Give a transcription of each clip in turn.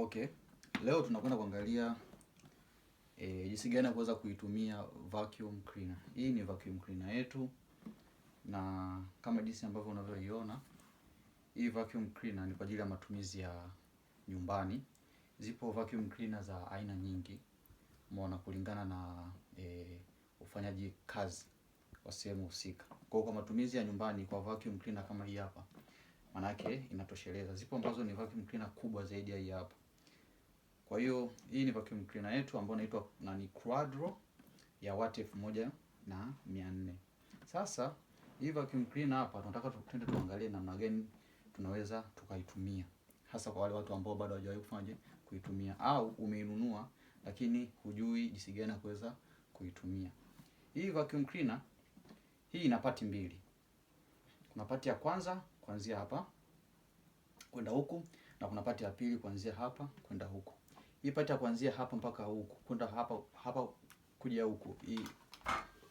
Okay, leo tunakwenda kuangalia e, jinsi gani ya kuweza kuitumia vacuum cleaner. Hii ni vacuum cleaner yetu, na kama jinsi ambavyo unavyoiona hii vacuum cleaner ni kwa ajili ya matumizi ya nyumbani. Zipo vacuum cleaner za aina nyingi, umeona, kulingana na e, ufanyaji kazi wa sehemu husika. Kwa kwa matumizi ya nyumbani kwa vacuum cleaner kama hii hapa, manake inatosheleza. Zipo ambazo ni vacuum cleaner kubwa zaidi ya hii hapa kwa hiyo hii ni vacuum cleaner yetu ambayo inaitwa nani Quadro ya wati elfu moja na mia nne. Sasa hii vacuum cleaner hapa tunataka tuende tuangalie namna gani tunaweza tukaitumia hasa kwa wale watu ambao bado hawajawahi kufanya kuitumia au umeinunua lakini hujui jinsi gani kuweza kuitumia. Hii vacuum cleaner hii ina pati mbili. Kuna pati ya kwanza kuanzia hapa kwenda huku na kuna pati ya pili kuanzia hapa kwenda huku ipata kuanzia hapa mpaka huku kwenda hapa hapa kuja huku. Hii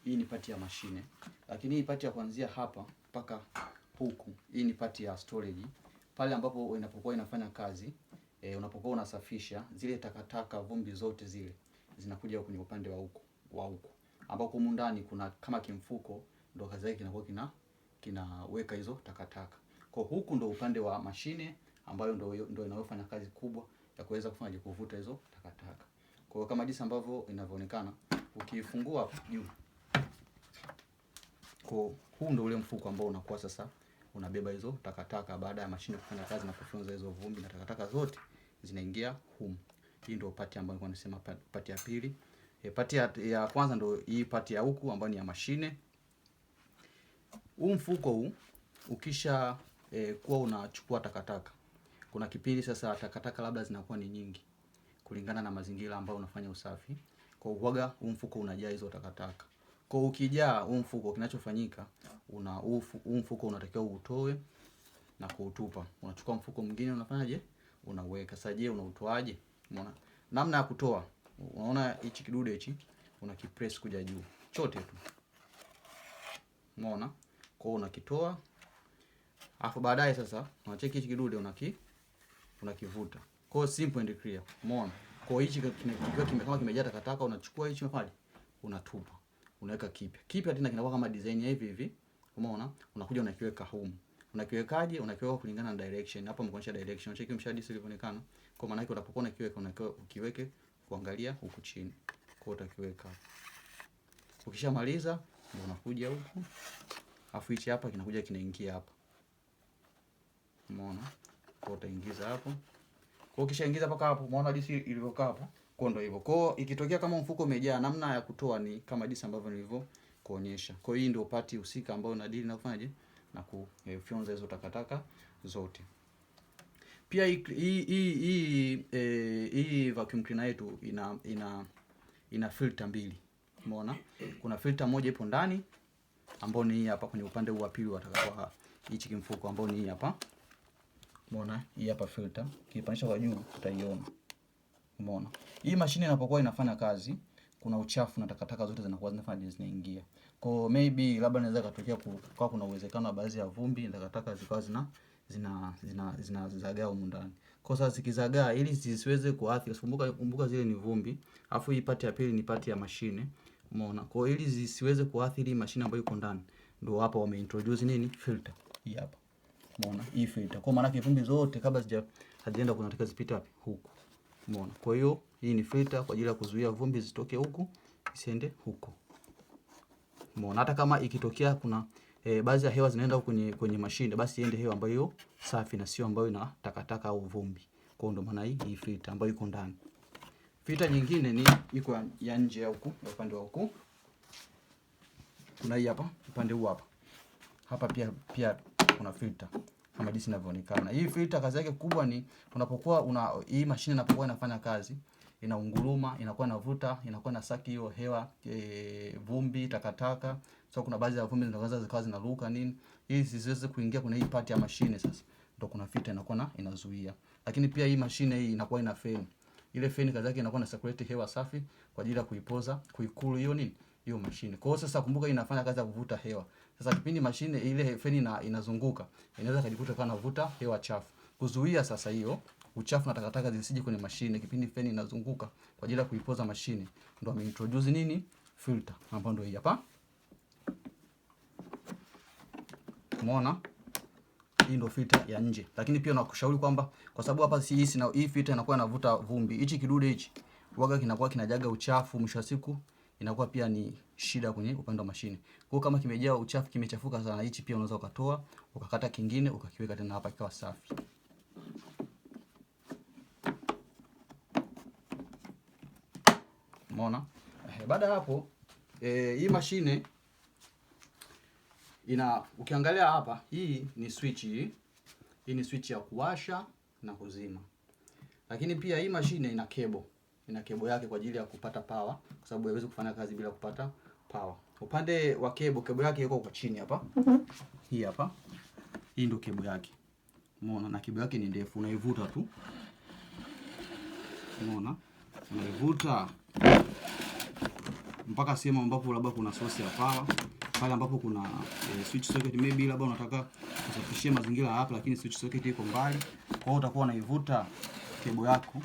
hii ni pati ya mashine, lakini hii pati ya kuanzia hapa mpaka huku, hii ni pati ya storage, pale ambapo inapokuwa inafanya kazi e, unapokuwa unasafisha zile takataka, vumbi zote zile zinakuja kwenye upande wa huku wa huku, ambao humu ndani kuna kama kimfuko, ndo kazi yake kinakuwa kina kinaweka hizo takataka. Kwa huku ndo upande wa mashine ambayo ndo, ndo inayofanya kazi kubwa ya kuweza kufanya kuvuta hizo takataka. Kwa hiyo kama jinsi ambavyo inavyoonekana, ukifungua hapo juu, kwa huu ndio ule mfuko ambao unakuwa sasa unabeba hizo takataka baada ya mashine kufanya kazi na kufyonza hizo vumbi na takataka zote zinaingia humu. Hii ndio pati ambayo nilikuwa nasema pati ya pili. E, eh, pati ya, ya kwanza ndio hii pati ya huku ambayo ni ya mashine. Huu mfuko huu ukisha e, kuwa unachukua takataka kuna kipindi sasa takataka labda zinakuwa ni nyingi kulingana na mazingira ambayo unafanya usafi. Kwa uwaga huu mfuko unajaa hizo takataka. Kwa ukijaa huu mfuko kinachofanyika, una huu mfuko unatakiwa utoe na kuutupa. Unachukua mfuko mwingine unafanyaje? Unaweka. Sasa je, unautoaje? Unaona? Namna ya kutoa. Unaona hichi kidude hichi una kipress kuja juu. Chote tu. Umeona? Kwa unakitoa. Alafu baadaye sasa unacheki hichi kidude unaki unakivuta. Kwa hiyo simple and clear. Umeona? Kwa hiyo hichi kikiwa kimekama kimejaa takataka unachukua hichi pale unatupa. Unaweka kipya. Kipya tena kinakuwa kama design ya hivi hivi. Umeona? Unakuja unakiweka home. Unakiwekaje? Unakiweka kulingana na direction. Hapa mkuonyesha direction. Cheki mshadi sio ilivyoonekana. Kwa maana yake unapokuwa unakiweka unakiweka ukiweke kuangalia huku chini. Kwa utakiweka hapo. Ukishamaliza ndio unakuja huku. Afu hichi hapa kinakuja kinaingia hapa. Umeona? Kwa utaingiza hapo. Kwa ukishaingiza paka hapo, umeona jinsi ilivyokaa hapo. Kwa ndio hivyo. Kwa ikitokea kama mfuko umejaa, namna ya kutoa ni kama jinsi ambavyo nilivyo kuonyesha. Kwa hiyo hii ndio pati husika ambayo unadili na kufanyaje na kufyonza eh, hizo takataka zote. Pia hii hii hii eh, hii vacuum cleaner yetu ina ina ina filter mbili. Umeona? Kuna filter moja ipo ndani ambayo ni hii hapa kwenye upande huu wa pili wa takataka hichi kimfuko ambao ni hii hapa. Umeona? Hii hapa filter, kipanisha kwa juu utaiona. Umeona? Hii mashine inapokuwa inafanya kazi, kuna uchafu na takataka zote zinakuwa zinafanya zinaingia. Kwa maybe labda naweza katokea kwa kuna uwezekano wa baadhi ya vumbi, na takataka zikawa zina zina zina zinazagaa humu ndani. Kwa sasa zikizagaa ili zisiweze kuathiri, kumbuka kumbuka zile ni vumbi, afu hii pati ya pili ni pati ya mashine. Umeona? Kwa ili zisiweze kuathiri mashine ambayo iko ndani. Ndio hapa wameintroduce nini? Filter. Hii hapa. Umeona hii filter. Kwa maana vumbi zote kabla zija hazienda kuna tika zipita wapi? Huku. Umeona. Kwa hiyo hii ni filter kwa ajili ya kuzuia vumbi zitoke huku isiende huku. Umeona. Hata kama ikitokea kuna e, baadhi ya hewa zinaenda kwenye kwenye mashine basi iende hewa ambayo safi na sio ambayo ina takataka au vumbi. Kwa hiyo ndo maana hii hii filter ambayo iko ndani. Filter nyingine ni iko ya nje ya huku, ya upande wa huku. Kuna hii hapa, upande huu hapa. Hapa pia pia kuna filter kama jinsi inavyoonekana. Hii filter kazi yake kubwa ni unapokuwa una hii mashine inapokuwa inafanya kazi inaunguruma, inakuwa inavuta, inakuwa na saki hiyo hewa e, vumbi, takataka. So kuna baadhi ya vumbi zinaweza zikawa zinaruka nini, hii zisiweze kuingia kwenye hii part ya mashine sasa ndio kuna filter inakuwa na inazuia. Lakini pia hii mashine hii inakuwa ina fan. Ile fan kazi yake inakuwa na circulate hewa safi kwa ajili ya kuipoza, kuikulu hiyo nini? Hiyo mashine. Kwa hiyo sasa kumbuka inafanya kazi ya kuvuta hewa. Sasa kipindi mashine ile feni na inazunguka, inaweza kujikuta kwa anavuta hewa chafu. Kuzuia sasa hiyo uchafu na takataka zisije kwenye mashine kipindi feni inazunguka kwa ajili ya kuipoza mashine, ndo ameintroduce nini filter, ambayo ndio hii hapa. Umeona? Hii ndio filter ya nje, lakini pia nakushauri kwamba kwa sababu hapa si hii, na hii filter inakuwa inavuta vumbi, hichi kidude hichi waga kinakuwa kinajaga uchafu, mwisho wa siku inakuwa pia ni shida kwenye upande wa mashine. Kwa hiyo kama kimejaa uchafu, kimechafuka sana, hichi pia unaweza ukatoa ukakata kingine ukakiweka tena hapa kikawa safi. Umeona? Baada ya hapo eh, hii mashine ina ukiangalia hapa, hii ni switch hii. Hii ni switch ya kuwasha na kuzima, lakini pia hii mashine ina kebo ina kebo yake kwa ajili ya kupata power, kwa sababu haiwezi kufanya kazi bila kupata power. Upande wa kebo, kebo yake iko kwa chini hapa, mhm. hii hapa, hii ndio kebo yake, umeona. Na kebo yake ni ndefu, unaivuta tu, umeona, unaivuta mpaka sehemu ambapo labda kuna source ya power pale ambapo kuna eh, switch socket maybe labda unataka kusafishia mazingira hapa, lakini switch socket iko mbali. Kwa hiyo utakuwa unaivuta kebo yako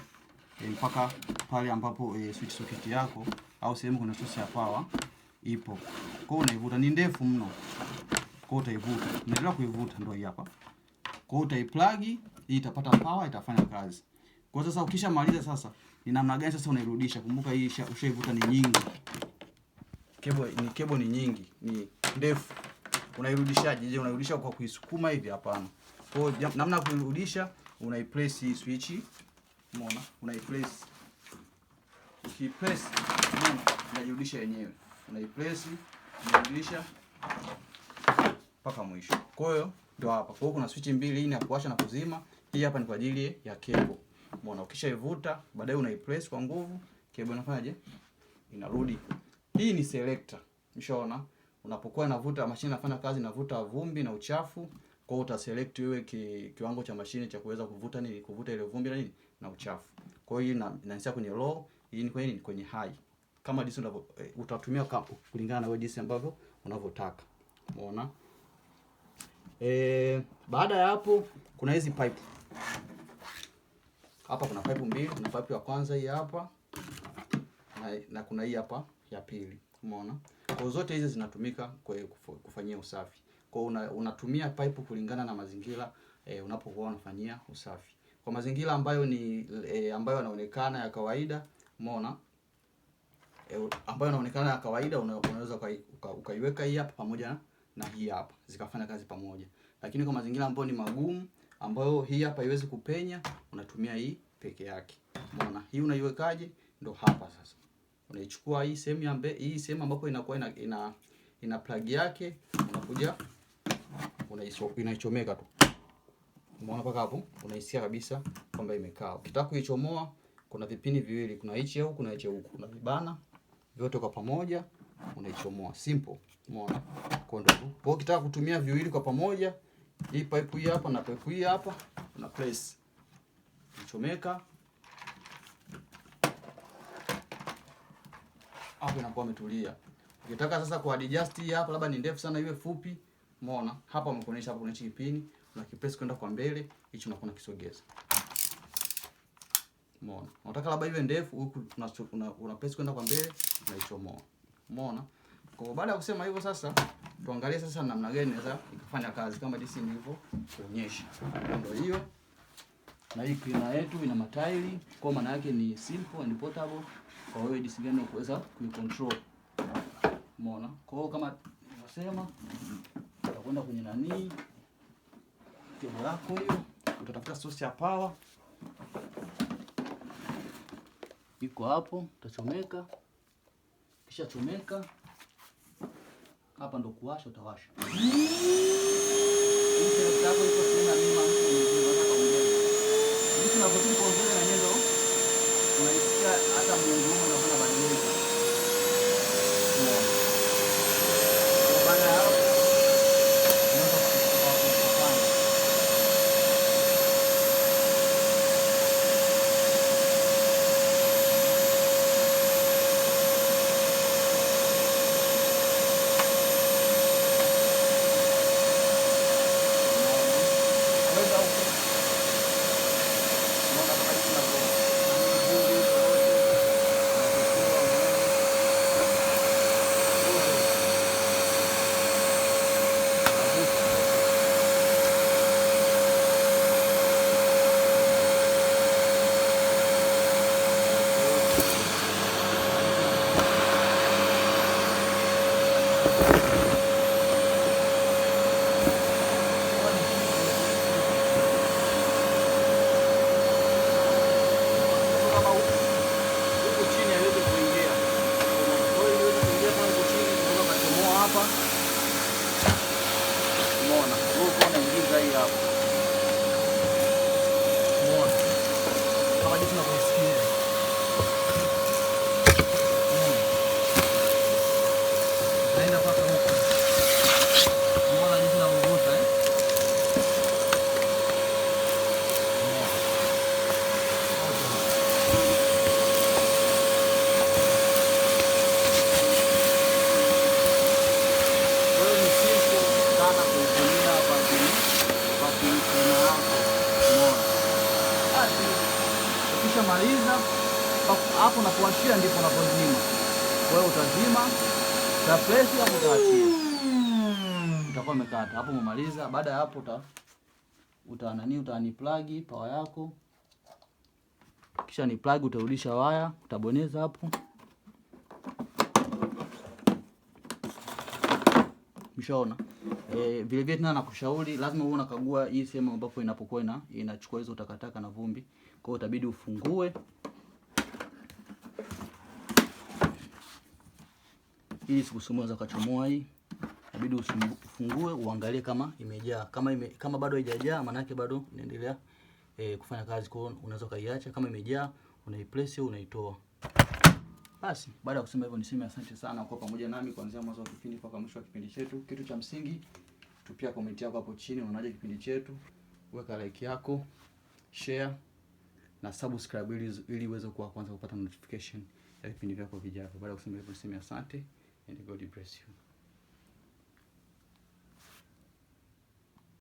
e, mpaka pale ambapo e, switch socket yako au sehemu kuna source ya power ipo. Kwa hiyo unaivuta, ni ndefu mno. Kwa hiyo utaivuta, unaendelea kuivuta, ndio hii hapa. Kwa hiyo utaiplug, hii itapata power, itafanya kazi. Kwa sasa ukishamaliza sasa, ni namna gani sasa unairudisha? Kumbuka hii ushaivuta ni nyingi, kebo ni kebo ni nyingi, ni ndefu. Unairudishaje? Je, unairudisha kwa kuisukuma hivi? Hapana. Kwa hiyo namna ya kuirudisha, unaipress hii switch Umeona? Unaipress. Ukipress inajirudisha yenyewe. Unaipress, inarudisha mpaka mwisho. Kwa hiyo ndio hapa. Kwa hiyo kuna switch mbili, hii ni ya kuwasha na kuzima. Hii hapa ni kwa ajili ya cable. Umeona? Ukishaivuta, baadaye unaipress kwa nguvu, cable inafanyaje? Inarudi. Hii ni selector. Ushaona? Unapokuwa inavuta mashine inafanya kazi, inavuta vumbi na uchafu. Kwa hiyo select wewe ki, kiwango cha mashine cha kuweza kuvuta nini, kuvuta ile vumbi na nini na uchafu. Kwa hiyo ina inaanzia kwenye low, hii ni kwenye kwenye high. Kama jinsi unavyo e, utatumia kulingana na wewe jinsi ambavyo unavyotaka. Umeona? E, baada ya hapo kuna hizi pipe. Hapa kuna pipe mbili, kuna pipe ya kwanza hii hapa na, na kuna hii hapa ya pili. Umeona? Kwa zote hizi zinatumika kwa kufanyia usafi. Kwa una, unatumia pipe kulingana na mazingira e, unapokuwa unafanyia usafi kwa mazingira ambayo ni e, ambayo yanaonekana ya kawaida umeona e, ambayo yanaonekana ya kawaida una, unaweza ukaiweka uka hii hapa pamoja na hii hapa zikafanya kazi pamoja, lakini kwa mazingira ambayo ni magumu ambayo hii hapa haiwezi kupenya unatumia hii peke yake. Umeona hii unaiwekaje? Ndo hapa sasa unaichukua hii sehemu ya mbele, hii sehemu ambapo inakuwa ina, ina, ina plug yake unakuja unaichomeka tu. Umeona paka hapo, unaisikia kabisa kwamba imekaa. Ukitaka kuichomoa, kuna vipini viwili, kuna hichi au kuna hichi huku, kuna vibana vyote kwa pamoja unaichomoa. Simple, umeona kwa ndio. Kwa ukitaka kutumia viwili kwa pamoja, hii pipe hii hapa na pipe hii hapa, una place ichomeka hapo, inakuwa umetulia. Ukitaka sasa ku adjust hii hapa, labda ni ndefu sana iwe fupi, umeona hapa, umekuonyesha hapa kuna kipini kipesi kwenda kwa mbele, hicho unakuwa unakisogeza. Umeona? Unataka labda iwe ndefu huku una, una pesi kwenda kwa mbele na hicho umeona. Umeona? Kwa baada ya kusema hivyo sasa tuangalie sasa namna gani inaweza ikafanya kazi kama jinsi kuonyesha. Ndio hiyo. Na hii cleaner yetu ina matairi, kwa maana yake ni simple and portable kwa hiyo jinsi gani unaweza kuicontrol. Umeona? Kwa hiyo kama nimesema tutakwenda kwenye nani krimu yako hiyo, utatafuta source ya pawa iko hapo, utachomeka. Kisha chomeka hapa, ndo kuwasha, utawasha hata hapo unapowashia ndipo unapozima. Kwa hiyo utazima ta presi hapo, utaachia hmm. utakuwa umekata hapo, umemaliza. Baada ya hapo uta uta nani, uta ni plug power yako, kisha ni plug, utarudisha waya, utabonyeza hapo, mshaona. Eh, vile vile tena nakushauri lazima uwe unakagua hii sehemu ambapo inapokuwa ina inachukua hizo takataka na vumbi. Kwa hiyo utabidi ufungue ili sikusumbua, za kuchomoa hii inabidi ufungue uangalie kama imejaa. Kama ime, kama bado haijajaa maana yake bado inaendelea e, kufanya kazi. Kwa hiyo unaweza kaiacha. Kama imejaa unaiplace au unaitoa. Basi baada ya kusema hivyo, niseme asante sana kwa pamoja nami kuanzia mwanzo wa kipindi mpaka mwisho wa kipindi chetu. Kitu cha msingi, tupia comment yako hapo chini, unaonaje kipindi chetu? Weka like yako, share na subscribe ili uweze kuwa kwanza kupata notification ya vipindi vyako vijavyo. Baada ya kusema hivyo, niseme asante. and God bless you.